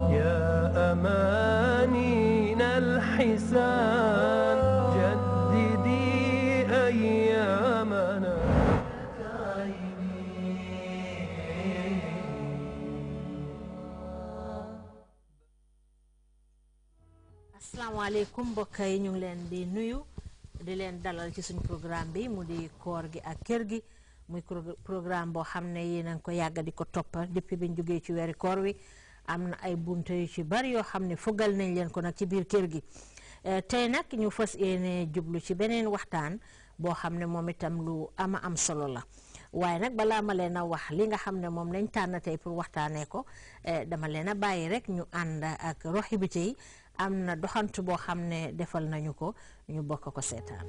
يا أمانين الحسان جددي أيامنا asalaamaaleykum mbokk yi ñu ngi leen di nuyu di leen dalal ci suñ programme bi mu di koor gi ak kër gi muy programme boo xam ne yéen a ko yàgg di ko toppa depuis bi ñu jógee ci weeri koor wi am na ay bunte yu ci bari yoo xam ne fugal nañ leen ko nag ci biir kër gi eh, tey nag ñu fas yéene jublu ci beneen waxtaan boo xam ne moom itam lu ama am solo la waaye nag balaa ma leen a wax li nga xam ne moom lañ tànn tey pour waxtaanee ko eh, dama leen a bàyyi rek ñu ànd ak bi yi am na doxant boo xam ne defal nañu ko ñu bokk ko seetaan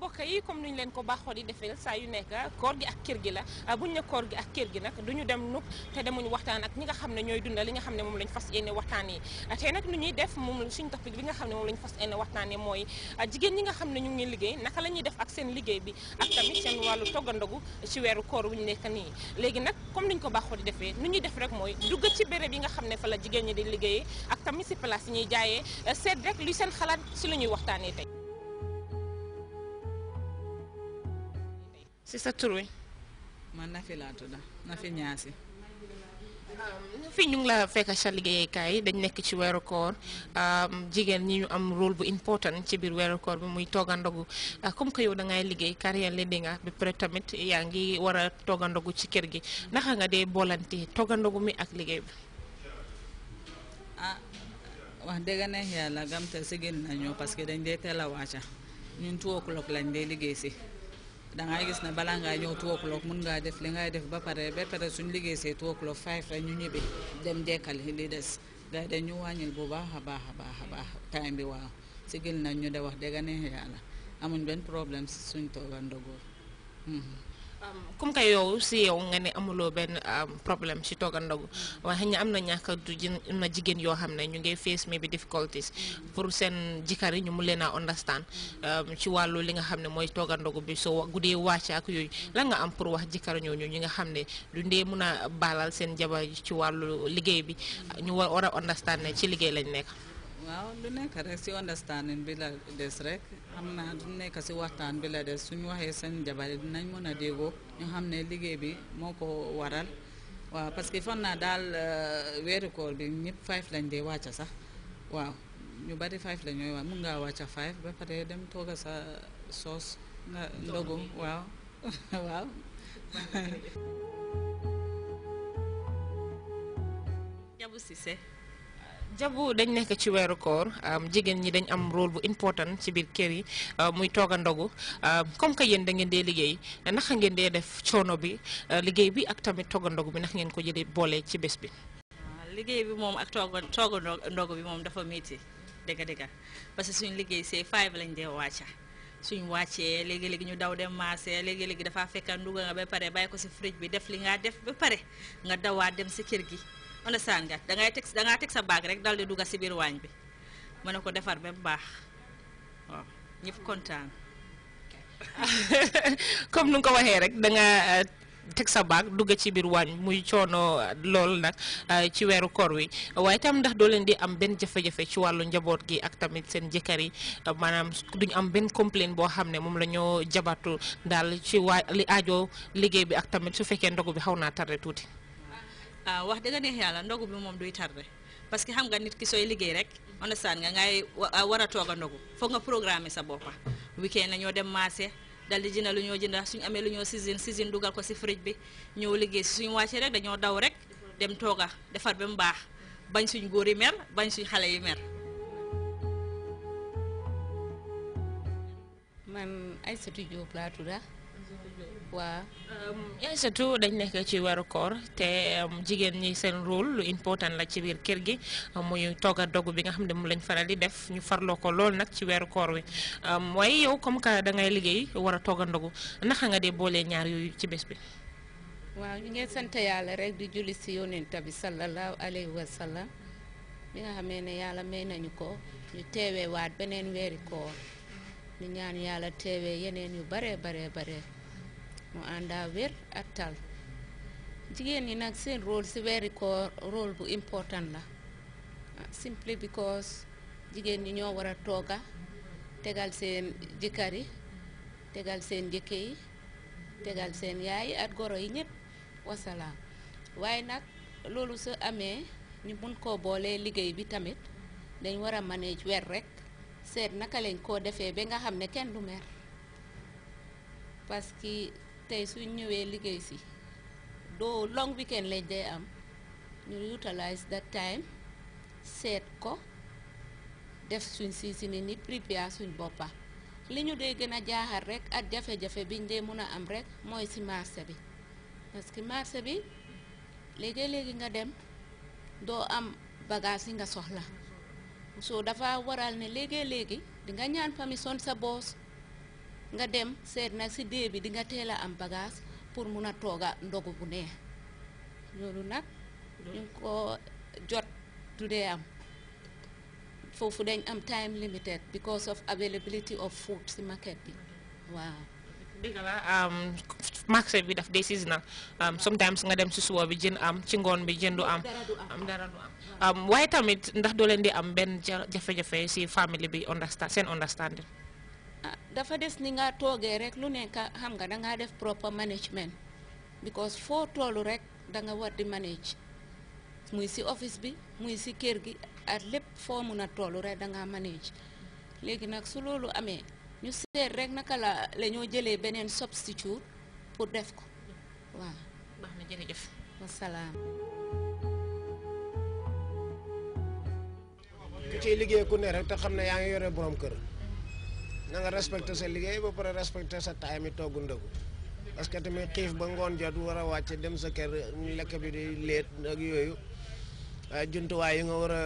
mbokk yi comme ñu leen ko baaxoo di defee saa yu nekk koor gi ak kër gi la ah, buñ koor gi ak kër gi nag du ñu dem nukk te demuñ waxtaan ak ñi nga xam ne ñooy dundal li nga xam ne moom lañ fas yéene waxtaan ah, ñuy def moom ne moom lañ fas yéene waxtaan yi mooy ah, jigéen ñi nga xam ne ñu ngi liggéey naka la ñuy def ak seen liggéey bi ak tamit seen wàllu toggandogu ci weeru koor wuñu nekk nii léegi nag comme niñ ko baaxoo di defee nu ñuy def rek mooy dugg ci béréb yi nga xam ne fa la jigéen ñi di liggéeyee ak tamit si place seen xalaat si lu ñuy waxtaanee tey si sa tur wi man Nafi laa tudd Nafi Ñaasi um, fi ñu ngi la fekk sa liggéeykaay dañ nekk ci weeru koor um, jigéen ñi ñu am rôle bu important ci biir weeru koor bi muy toogandogu uh, comme que yow da ngay liggéey carrière li di nga bi pare tamit yaa ngi war a toogandogu ci kër gi naka nga dee boolante toogandogu mi ak liggéey bi ah wax dëgg neex yàlla gamte sigil nañu parce que dañ dee teel a wàcca ñun two o'clock lañ dee liggéey si dangay gis ne balaa ngaa ñëw two o'clock mun ngaa def li ngay def ba pare ba pare suñ liggéey see two o'clock five rek ñu ñibbi dem yi li des gars dañ ñu wàññil bu baax a baax a baax a baax time bi waaw si gil nañ ñu de wax dëgg neex yàlla amuñ benn problème suñ tooga ndogoor mhm. comme que yow si yow nga ne amuloo benn problème si toog a ndogu waaye xëy na am na ñàkk du na jigéen yoo xam ne ñu ngi face maybe difficulties pour seen jikkar yi ñu mun leen a understand ci wàllu li nga xam ne mooy toog a ndogu bi soo guddee wàcce ak yooyu lan nga am pour wax jëkkër ñooñu ñi nga xam ne du ndee mun a baalal seen jabar yi ci wàllu liggéey bi ñu war a understand ne ci liggéey lañ nekk. waaw ɗum nekka rek si understanding bi la des rek xam naa ɗum nekka si waxtaan bi la des suñ waxee seen jabari dinañ mën a déego ñu xam ne liggéey bi moo ko waral waaw parce que fan naa daal euh, weeru koor bi ñëpp five lañ dee wàcca sax waaw ñu bari five la ñooy wa mun ngaa wàcca five ba pare dem tooga sa soos nga ndogu waaw waaw jabu si see jabu dañ nekk ci weeru koor jigéen ñi dañ am rôle bu important ci biir kër yi euh, muy toog a ndogu euh, comme que yéen da ngeen dee liggéey naka ngeen dee def coono bi euh, liggéey bi ak tamit toog bi naka ngeen ko jëlee boole ci bés bi. Ah, liggéey bi moom ak toog toog a ndogu bi moom dafa métti dëgg dëgg parce que suñu liggéey c'est five lañ dee wàcca suñ wàccee léegi léegi ñu daw dem marché léegi léegi dafa fekk nduga nga ba pare bàyyi ko si fridge bi def li nga def ba pare nga dawaat dem si kër gi. understand nga dangay teg dangaa teg sa baag rek dal di dugga si biir waañ bi ma ne ko defar ba mu baax waaw ñëpp kontaan comme nu nga ko waxee rek danga eh, teg sa baag dugg ci biir waañ muy coono eh, lool nag eh, ci weeru koor wi waaye tam ndax doo leen di am benn jafe-jafe ci wàllu njaboot gi ak tamit seen jëkkër yi maanaam duñ am benn complaint boo xam ne moom la ñoo jabatu daal ci waa li aajo liggéey bi ak tamit su fekkee ndogu bi xaw naa tarde tuuti Ah, wax dëgg neex yàlla ndogu bi moom duy tarde parce que xam nga nit ki sooy liggéey rek understand nga ngay ah, war a toog a ndogu foog nga programmer sa boppa weekend na ñoo dem marché dal di jënd lu ñoo jënda suñu amee lu ñoo season season dugal ko si fridge bi ñëw liggéey si suñu wàccee rek dañoo daw rek dem tooga defar ba mu baax bañ suñ góor yi mer bañ suñ xale yi mer man Aïssatou Diop waaw Aïssatou dañ nekk ci weeru koor te jigéen ñi seen rôle lu important la ci biir kër gi muy togg a dogu bi nga xam ne mu lañ faral di def ñu farloo ko lool nag ci weeru koor wi waaye yow comme que da ngay liggéey war a togg a ndogu naka nga dee boole ñaar yooyu ci bés bi. waaw ñu ngi sant yàlla rek di julli si yonent bi sallallahu alayhi wa sallam bi nga xamee ne yàlla may nañu ko ñu teewee waat beneen weeri koor ñu ñaan yàlla teewee yeneen yu bare bare bare. mu ànda wér ak tal jigéen ñi nag seen rôle ci weeri koor rôle bu important la simply because jigéen ñi ñoo war a tooga tegal seen jëkkër yi tegal seen njëkke tegal seen yaay yi ak goro yi ñëpp wasalaam waaye nag loolu su amee ñu mun koo boolee liggéey bi tamit dañ war a manage weer rek seet naka lañ koo defee ba nga xam ne kenn du mer parce tey suñ ñëwee liggéey si doo long weekend lañ day am ñu utilize that time seet ko def suñ si si ni prépare suñ boppa li ñu dee gën a jaaxal rek ak jafe-jafe biñ dee mun a am rek mooy si marché bi parce que marché bi léegi-léegi nga dem doo am bagage yi nga soxla soo dafa waral ne léegi-léegi dinga ñaan permission sa boos nga dem seet nag si dee bi di nga teel a am bagage pour mun a ndogu bu neex loolu nag ñu ko jot du am foofu dañ am time limited because of availability of food si market bi waaw dëgg la marché bi daf dee seasonal sometimes nga dem si suba bi jën am ci ngoon bi jëndu am am dara du am waaye tamit ndax doo leen di am benn jafe-jafe si family bi understand seen understanding Ah, dafa des ni nga toogee rek lu nekk xam nga dangaa def proper management because foo toolu rek danga war di manage muy si office bi muy si kër gi at lépp foo mun a toolu rek dangaa manage léegi nag su loolu amee ñu seet rek naka la la jëlee beneen substitute pour def ko waaw baax na jërëjëf wasalaam ku liggéey ku ne rek te xam ne yaa ngi yore borom kër na respecte respecté sa liggéey boo pare respecté sa taay mi togg ndëgu parce que tamit xiif ba ngoon jot war a wàcc dem sa kër lekk bi di leet ak yooyu jumtuwaay yi nga war a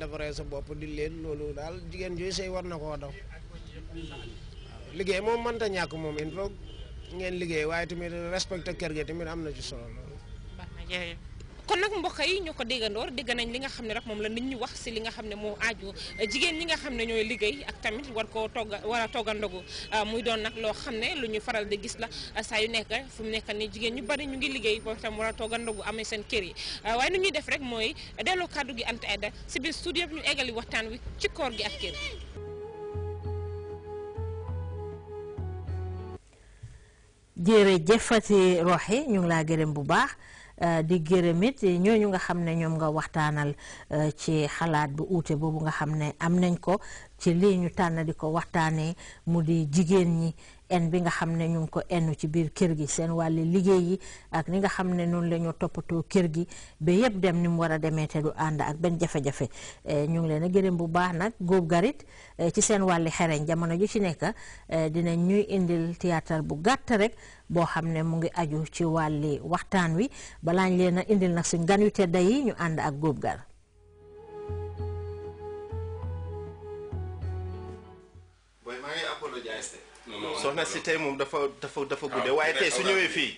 defaree sa bopp di leet loolu daal jigéen jooyu sëy war na koo daw liggéey moom mënta ñàkk moom il ngeen liggéey waaye tamit respecté kër gi tamit am na ci solo loolu. kon nag mbokk yi ñoo ko déggandoor dégg nañ li nga xam ne rek moom la nit ñi wax si li nga xam ne moo ajo jigéen ñi nga xam ne ñooy liggéey ak tamit war koo togga war a toggandogu ah, muy doon nag loo xam ne lu ñu faral di gis la ah, saa yu nekk fu mu nekk ni jigéen ñu bari ñu ngi liggéey boo tam war a toggandogu amee seen kër yi ah, waaye ni ñuy def rek mooy delloo kàddu gi Anta Aida si biir studio bi ñu eggali waxtaan wi ci koor gi ak kër jërëjëfati roxi ñu laa gërëm bu baax Euh, di gërëm it ñooñu nga xam ne ñoom nga waxtaanal euh, ci xalaat bu uute boobu nga xam ne am nañ ko ci lii ñu tànn di ko waxtaanee mu di jigéen ñi en bi nga xam ne ñu ngi ko enn ci biir kër gi seen wàlli liggéey yi nga xam ne noonu la toppatoo kër gi ba yëpp dem ni war a demee te du ànd ak benn jafe eh, ñu ngi leen a gërëm bu baax nag góob garit eh, ci seen wàlli xereñ jamono ju ci nekk eh, dinañ ñuy indil théâtre bu gàtt rek boo xam ne mu ngi aju ci wàlli waxtaan wi balaañ leen a indil nag suñ gan yu tedda yi ñu ànd ak góob gar soxna si tey moom dafa dafa dafa guddee waaye tey su ñëwee fii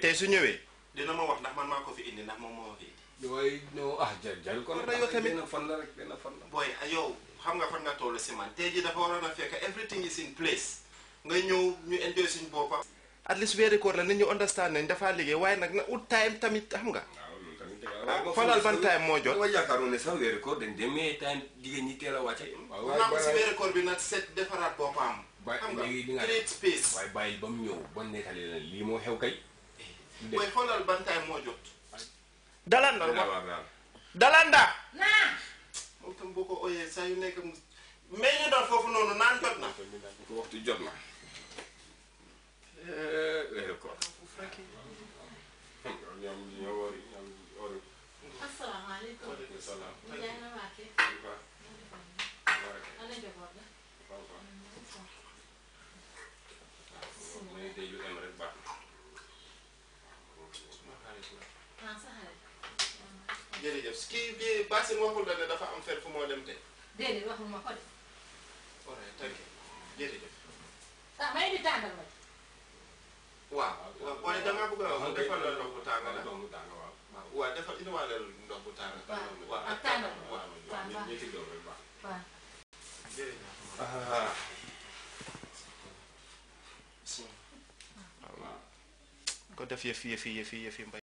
tey su ñëwee dina ma wax ndax man maa ko fi indi ndax moom moo fi indi waaye ñëw ah jël jël kon yow tamit benn fan la rek benn fan la booy ah, yow xam nga fan nga toll si man tey ji dafa waroon a fekk everything nga ñëw ñu enjoy suñu boppam at least weeri koor la nit ñu understand nañ dafaa liggéey waaye nag na ut time tamit xam nga ah, xoolal ban time moo jot waaw yaakaaroon ne sax weeri koor dañ demee ñi a wàcce waaw si weeri koor bi nag seet defaraat boppam xam nga space waaye ba mu ñëw ba nekkalee la lii moo xew kay. mooy xoolal bantaay moo jot. dalanda dalanda. moom itam boo ko ooyee saa yu nekk mais ñu doon foofu noonu naan jot na. waxtu jot na. asalaamaaleykum. diggante yu am rek baax na. jërëjëf kii kii Basine waxul la ne dafa am fer fu moo dem tey. déedéet waxul ma ko de. on est tànk jërëjëf. ah may indi ma. waaw waaw boo ne damaa bëgg a wax defal la ndox bu tànga la ndox bu tànga waaw. waaw defal indiwaaleel ndox bu tànga. waaw ak tàngal waaw waaw ñetti doom rek baax. ko def yëf yëf yëf yëf mbay